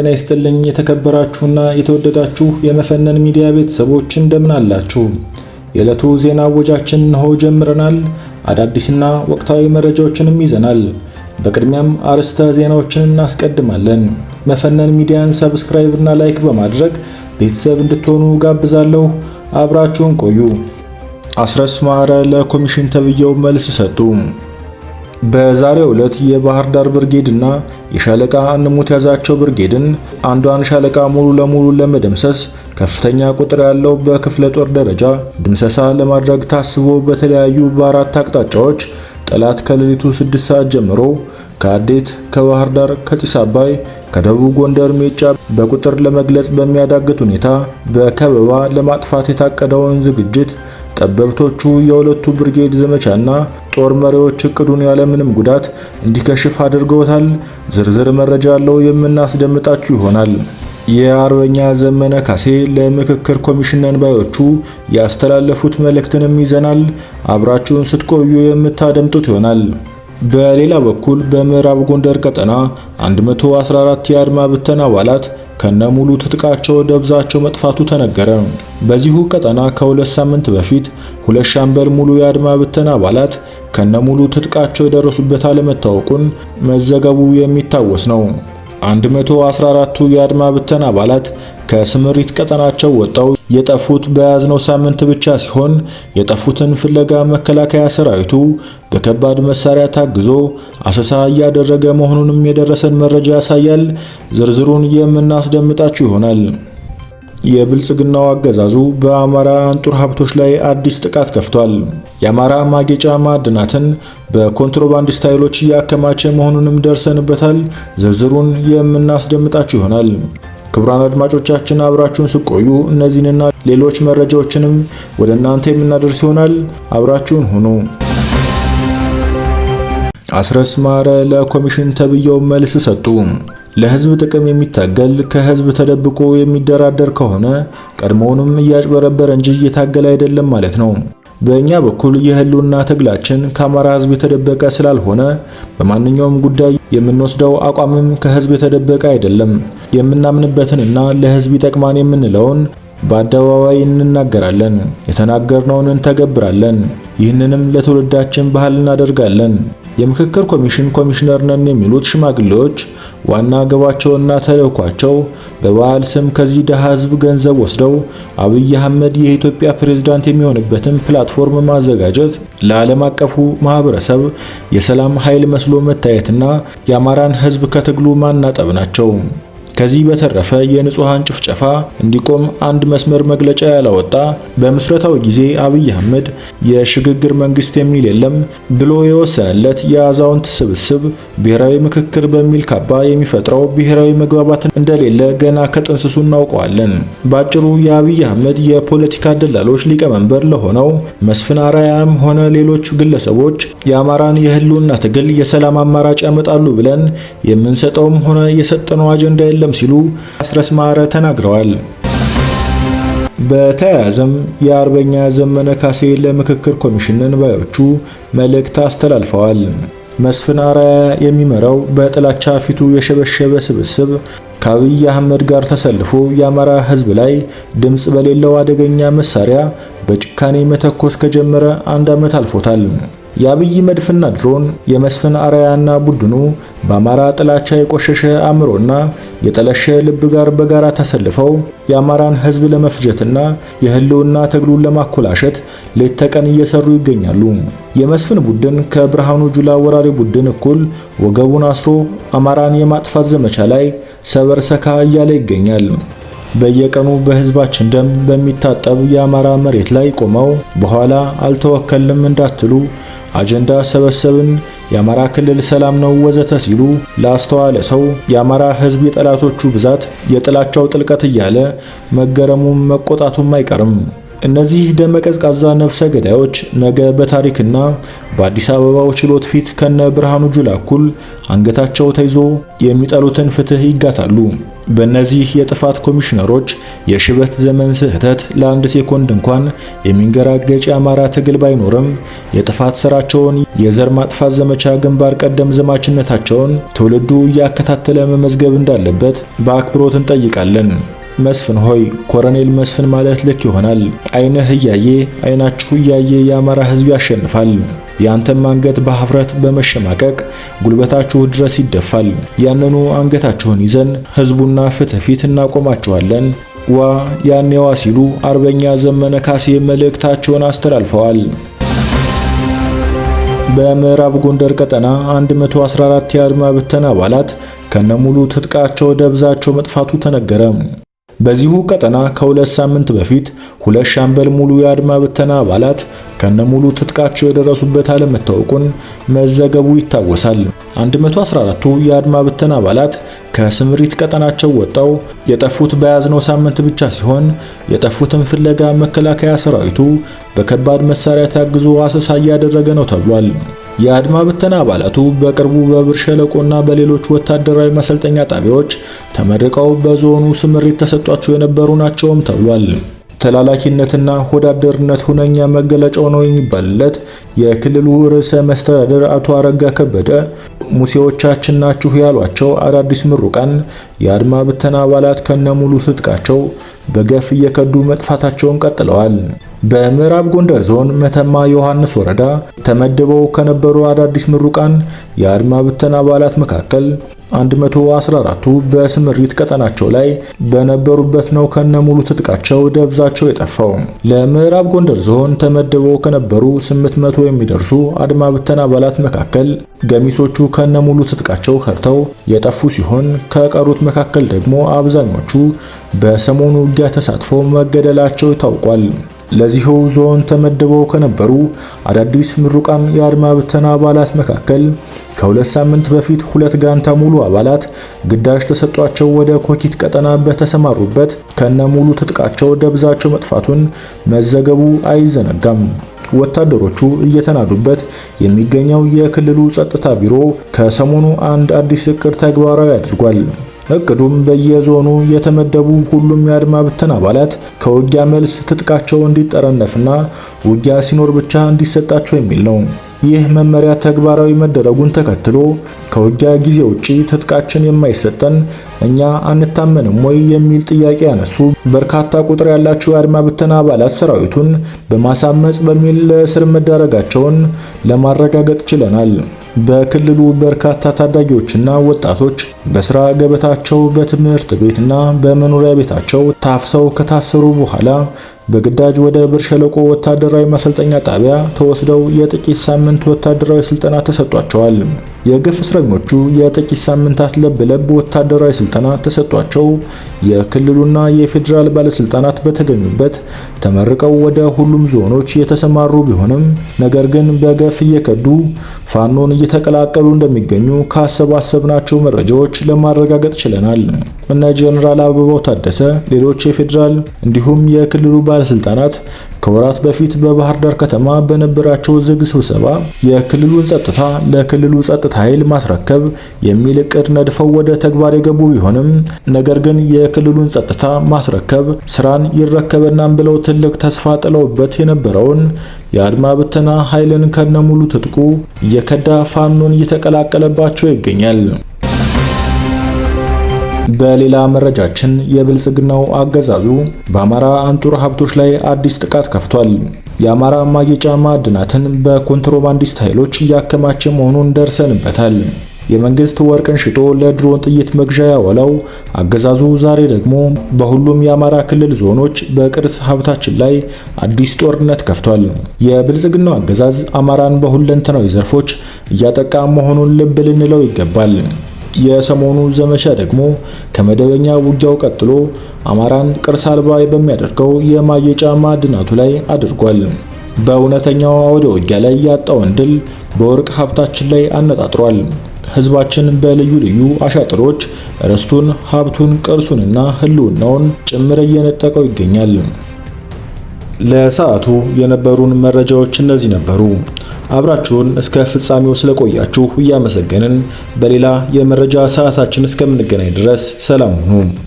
ጤና ይስጥልኝ የተከበራችሁና የተወደዳችሁ የመፈነን ሚዲያ ቤተሰቦች እንደምን አላችሁ? የዕለቱ ዜና ወጃችን እንሆ ጀምረናል። አዳዲስና ወቅታዊ መረጃዎችንም ይዘናል። በቅድሚያም አርዕስተ ዜናዎችን እናስቀድማለን። መፈነን ሚዲያን ሰብስክራይብ እና ላይክ በማድረግ ቤተሰብ እንድትሆኑ ጋብዛለሁ። አብራችሁን ቆዩ። አስረስ ማረ ለኮሚሽን ተብዬው መልስ ሰጡ። በዛሬው ዕለት የባህር ዳር ብርጌድ እና የሻለቃ አንሙት ያዛቸው ብርጌድን አንዷን ሻለቃ ሙሉ ለሙሉ ለመደምሰስ ከፍተኛ ቁጥር ያለው በክፍለ ጦር ደረጃ ድምሰሳ ለማድረግ ታስቦ በተለያዩ በአራት አቅጣጫዎች ጠላት ከሌሊቱ 6 ሰዓት ጀምሮ ከአዴት፣ ከባህር ዳር፣ ከጢስ አባይ፣ ከደቡብ ጎንደር ሜጫ በቁጥር ለመግለጽ በሚያዳግት ሁኔታ በከበባ ለማጥፋት የታቀደውን ዝግጅት ጠበብቶቹ የሁለቱ ብርጌድ ዘመቻና ጦር መሪዎች እቅዱን ያለምንም ጉዳት እንዲከሽፍ አድርገውታል። ዝርዝር መረጃ ያለው የምናስደምጣችሁ ይሆናል። የአርበኛ ዘመነ ካሴ ለምክክር ኮሚሽን አንባዮቹ ያስተላለፉት መልእክትንም ይዘናል። አብራችሁን ስትቆዩ የምታደምጡት ይሆናል። በሌላ በኩል በምዕራብ ጎንደር ቀጠና 114 የአድማ ብተና አባላት ከነሙሉ ትጥቃቸው ወደ መጥፋቱ ተነገረ። በዚሁ ቀጠና ከሁለት ሳምንት በፊት ሁለት ሻምበል ሙሉ የአድማ ብተና አባላት ከነሙሉ ትጥቃቸው የደረሱበት አለመታወቁን መዘገቡ የሚታወስ ነው። 114ቱ የአድማ ብተን አባላት ከስምሪት ቀጠናቸው ወጣው የጠፉት በያዝነው ሳምንት ብቻ ሲሆን የጠፉትን ፍለጋ መከላከያ ሰራዊቱ በከባድ መሳሪያ ታግዞ አሰሳ እያደረገ መሆኑንም የደረሰን መረጃ ያሳያል። ዝርዝሩን የምናስደምጣችሁ ይሆናል። የብልጽግናው አገዛዙ በአማራ አንጡር ሀብቶች ላይ አዲስ ጥቃት ከፍቷል። የአማራ ማጌጫ ማዕድናትን በኮንትሮባንድ ስታይሎች እያከማቸ መሆኑንም ደርሰንበታል። ዝርዝሩን የምናስደምጣችሁ ይሆናል። ክቡራን አድማጮቻችን አብራችሁን ስቆዩ እነዚህንና ሌሎች መረጃዎችንም ወደ እናንተ የምናደርስ ይሆናል። አብራችሁን ሁኑ። አስረስ ማረ ለኮሚሽን ተብዬው መልስ ሰጡ። ለህዝብ ጥቅም የሚታገል ከህዝብ ተደብቆ የሚደራደር ከሆነ ቀድሞውንም እያጭበረበረ እንጂ እየታገለ አይደለም ማለት ነው። በእኛ በኩል የህልውና ትግላችን ከአማራ ህዝብ የተደበቀ ስላልሆነ በማንኛውም ጉዳይ የምንወስደው አቋምም ከህዝብ የተደበቀ አይደለም። የምናምንበትንና ለህዝብ ይጠቅማን የምንለውን በአደባባይ እንናገራለን፣ የተናገርነውን እንተገብራለን። ይህንንም ለትውልዳችን ባህል እናደርጋለን። የምክክር ኮሚሽን ኮሚሽነር ነን የሚሉት ሽማግሌዎች ዋና ገባቸውና ተልእኳቸው በበዓል ስም ከዚህ ድሃ ገንዘብ ወስደው አብይ አህመድ የኢትዮጵያ ፕሬዝዳንት የሚሆንበትን ፕላትፎርም ማዘጋጀት ለዓለም አቀፉ ማህበረሰብ የሰላም ኃይል መስሎ መታየትና የአማራን ህዝብ ከትግሉ ማናጠብ ናቸው። ከዚህ በተረፈ የንጹሃን ጭፍጨፋ እንዲቆም አንድ መስመር መግለጫ ያላወጣ በምስረታው ጊዜ አብይ አህመድ የሽግግር መንግስት የሚል የለም ብሎ የወሰነለት የአዛውንት ስብስብ ብሔራዊ ምክክር በሚል ካባ የሚፈጥረው ብሔራዊ መግባባት እንደሌለ ገና ከጥንስሱ እናውቀዋለን። ባጭሩ የአብይ አህመድ የፖለቲካ ደላሎች ሊቀመንበር ለሆነው መስፍን አራያም ሆነ ሌሎች ግለሰቦች የአማራን የህልውና ትግል የሰላም አማራጭ ያመጣሉ ብለን የምንሰጠውም ሆነ የሰጠነው አጀንዳ የለም አልተደረገም ሲሉ አስረስ ማረ ተናግረዋል። በተያያዘም የአርበኛ ዘመነ ካሴ ለምክክር ኮሚሽን ንባዮቹ መልእክት አስተላልፈዋል። መስፍን አራያ የሚመራው በጥላቻ ፊቱ የሸበሸበ ስብስብ ከአብይ አህመድ ጋር ተሰልፎ የአማራ ሕዝብ ላይ ድምፅ በሌለው አደገኛ መሳሪያ በጭካኔ መተኮስ ከጀመረ አንድ ዓመት አልፎታል። የአብይ መድፍና ድሮን የመስፍን አራያና ቡድኑ በአማራ ጥላቻ የቆሸሸ አእምሮና የጠለሸ ልብ ጋር በጋራ ተሰልፈው የአማራን ሕዝብ ለመፍጀትና የህልውና ትግሉን ለማኮላሸት ሌት ተቀን እየሰሩ ይገኛሉ። የመስፍን ቡድን ከብርሃኑ ጁላ ወራሪ ቡድን እኩል ወገቡን አስሮ አማራን የማጥፋት ዘመቻ ላይ ሰበር ሰካ እያለ ይገኛል። በየቀኑ በህዝባችን ደም በሚታጠብ የአማራ መሬት ላይ ቆመው በኋላ አልተወከልም እንዳትሉ አጀንዳ ሰበሰብን፣ የአማራ ክልል ሰላም ነው ወዘተ ሲሉ ላስተዋለ ሰው የአማራ ሕዝብ የጠላቶቹ ብዛት፣ የጥላቻው ጥልቀት እያለ መገረሙም መቆጣቱም አይቀርም። እነዚህ ደመቀዝቃዛ ነፍሰ ገዳዮች ነገ በታሪክና በአዲስ አበባው ችሎት ፊት ከነ ብርሃኑ ጁላ እኩል አንገታቸው ተይዞ የሚጠሉትን ፍትህ ይጋታሉ። በእነዚህ የጥፋት ኮሚሽነሮች የሽበት ዘመን ስህተት ለአንድ ሴኮንድ እንኳን የሚንገራገጭ የአማራ ትግል ባይኖርም የጥፋት ስራቸውን፣ የዘር ማጥፋት ዘመቻ ግንባር ቀደም ዘማችነታቸውን ትውልዱ እያከታተለ መመዝገብ እንዳለበት በአክብሮት እንጠይቃለን። መስፍን ሆይ፣ ኮረኔል መስፍን ማለት ልክ ይሆናል። አይነህ እያየ አይናችሁ እያየ የአማራ ህዝብ ያሸንፋል። የአንተም አንገት በሀፍረት በመሸማቀቅ ጉልበታችሁ ድረስ ይደፋል። ያንኑ አንገታችሁን ይዘን ህዝቡና ፍትህ ፊት እናቆማችኋለን። ዋ ያኔዋ ሲሉ አርበኛ ዘመነ ካሴ መልእክታቸውን አስተላልፈዋል። በምዕራብ ጎንደር ቀጠና 114 የአድማ ብተና አባላት ከነሙሉ ትጥቃቸው ደብዛቸው መጥፋቱ ተነገረ። በዚሁ ቀጠና ከሁለት ሳምንት በፊት ሁለት ሻምበል ሙሉ የአድማ ብተና አባላት ከነሙሉ ትጥቃቸው የደረሱበት አለመታወቁን መዘገቡ ይታወሳል። 114ቱ የአድማ ብተና አባላት ከስምሪት ቀጠናቸው ወጣው የጠፉት በያዝነው ሳምንት ብቻ ሲሆን የጠፉትን ፍለጋ መከላከያ ሰራዊቱ በከባድ መሳሪያ ታግዞ አሰሳ እያደረገ ነው ተብሏል። የአድማ ብተና አባላቱ በቅርቡ በብር ሸለቆና በሌሎች ወታደራዊ መሰልጠኛ ጣቢያዎች ተመርቀው በዞኑ ስምሪት ተሰጧቸው የነበሩ ናቸውም ተብሏል። ተላላኪነትና ሆዳደርነት ሁነኛ መገለጫው ነው የሚባልለት የክልሉ ርዕሰ መስተዳደር አቶ አረጋ ከበደ ሙሴዎቻችን ናችሁ ያሏቸው አዳዲስ ምሩቃን የአድማ ብተና አባላት ከነሙሉ ትጥቃቸው በገፍ እየከዱ መጥፋታቸውን ቀጥለዋል። በምዕራብ ጎንደር ዞን መተማ ዮሐንስ ወረዳ ተመድበው ከነበሩ አዳዲስ ምሩቃን የአድማ ብተን አባላት መካከል 114ቱ በስምሪት ቀጠናቸው ላይ በነበሩበት ነው ከነሙሉ ትጥቃቸው ደብዛቸው የጠፋው። ለምዕራብ ጎንደር ዞን ተመድበው ከነበሩ 800 የሚደርሱ አድማ ብተን አባላት መካከል ገሚሶቹ ከነሙሉ ትጥቃቸው ከርተው የጠፉ ሲሆን ከቀሩት መካከል ደግሞ አብዛኞቹ በሰሞኑ ውጊያ ተሳትፎ መገደላቸው ታውቋል። ለዚሁ ዞን ተመድበው ከነበሩ አዳዲስ ምሩቃን የአድማ ብተና አባላት መካከል ከሁለት ሳምንት በፊት ሁለት ጋንታ ሙሉ አባላት ግዳጅ ተሰጧቸው ወደ ኮኪት ቀጠና በተሰማሩበት ከነ ሙሉ ትጥቃቸው ደብዛቸው መጥፋቱን መዘገቡ አይዘነጋም። ወታደሮቹ እየተናዱበት የሚገኘው የክልሉ ጸጥታ ቢሮ ከሰሞኑ አንድ አዲስ እቅድ ተግባራዊ አድርጓል። እቅዱም በየዞኑ የተመደቡ ሁሉም የአድማ ብተን አባላት ከውጊያ መልስ ትጥቃቸው እንዲጠረነፍና ውጊያ ሲኖር ብቻ እንዲሰጣቸው የሚል ነው። ይህ መመሪያ ተግባራዊ መደረጉን ተከትሎ ከውጊያ ጊዜ ውጪ ትጥቃችን የማይሰጠን እኛ አንታመንም ወይ የሚል ጥያቄ ያነሱ በርካታ ቁጥር ያላቸው የአድማ ብተና አባላት ሰራዊቱን በማሳመጽ በሚል ለእስር መዳረጋቸውን ለማረጋገጥ ችለናል። በክልሉ በርካታ ታዳጊዎችና ወጣቶች በስራ ገበታቸው በትምህርት ቤትና በመኖሪያ ቤታቸው ታፍሰው ከታሰሩ በኋላ በግዳጅ ወደ ብር ሸለቆ ወታደራዊ ማሰልጠኛ ጣቢያ ተወስደው የጥቂት ሳምንት ወታደራዊ ስልጠና ተሰጥቷቸዋል። የግፍ እስረኞቹ የጥቂት ሳምንታት ለብ ለብ ወታደራዊ ስልጠና ተሰጥቷቸው የክልሉና የፌዴራል ባለስልጣናት በተገኙበት ተመርቀው ወደ ሁሉም ዞኖች የተሰማሩ ቢሆንም ነገር ግን በገፍ እየከዱ ፋኖን እየተቀላቀሉ እንደሚገኙ ካሰባሰብናቸው መረጃዎች ለማረጋገጥ ችለናል። እነ ጀነራል አበባው ታደሰ፣ ሌሎች የፌዴራል እንዲሁም የክልሉ ባለስልጣናት ከወራት በፊት በባህር ዳር ከተማ በነበራቸው ዝግ ስብሰባ የክልሉን ጸጥታ ለክልሉ ጸጥታ ኃይል ማስረከብ የሚል እቅድ ነድፈው ወደ ተግባር የገቡ ቢሆንም ነገር ግን የክልሉን ጸጥታ ማስረከብ ስራን ይረከበናም ብለው ትልቅ ተስፋ ጥለውበት የነበረውን የአድማ ብተና ኃይልን ከነሙሉ ትጥቁ እየከዳ ፋኖን እየተቀላቀለባቸው ይገኛል። በሌላ መረጃችን የብልጽግናው አገዛዙ በአማራ አንጡር ሀብቶች ላይ አዲስ ጥቃት ከፍቷል። የአማራ ማጌጫ ማዕድናትን በኮንትሮባንዲስት ኃይሎች እያከማቸ መሆኑን ደርሰንበታል። የመንግስት ወርቅን ሽጦ ለድሮን ጥይት መግዣ ያወላው አገዛዙ ዛሬ ደግሞ በሁሉም የአማራ ክልል ዞኖች በቅርስ ሀብታችን ላይ አዲስ ጦርነት ከፍቷል። የብልጽግናው አገዛዝ አማራን በሁለንተናዊ ዘርፎች እያጠቃ መሆኑን ልብ ልንለው ይገባል። የሰሞኑ ዘመቻ ደግሞ ከመደበኛ ውጊያው ቀጥሎ አማራን ቅርስ አልባ በሚያደርገው የማየጫ ማዕድናቱ ላይ አድርጓል። በእውነተኛው አውደ ውጊያ ላይ ያጣውን ድል በወርቅ ሀብታችን ላይ አነጣጥሯል። ህዝባችን በልዩ ልዩ አሻጥሮች ርስቱን፣ ሀብቱን፣ ቅርሱንና ህልውናውን ጭምር እየነጠቀው ይገኛል። ለሰዓቱ የነበሩን መረጃዎች እነዚህ ነበሩ። አብራችሁን እስከ ፍጻሜው ስለቆያችሁ እያመሰገንን በሌላ የመረጃ ሰዓታችን እስከምንገናኝ ድረስ ሰላም ሁኑ።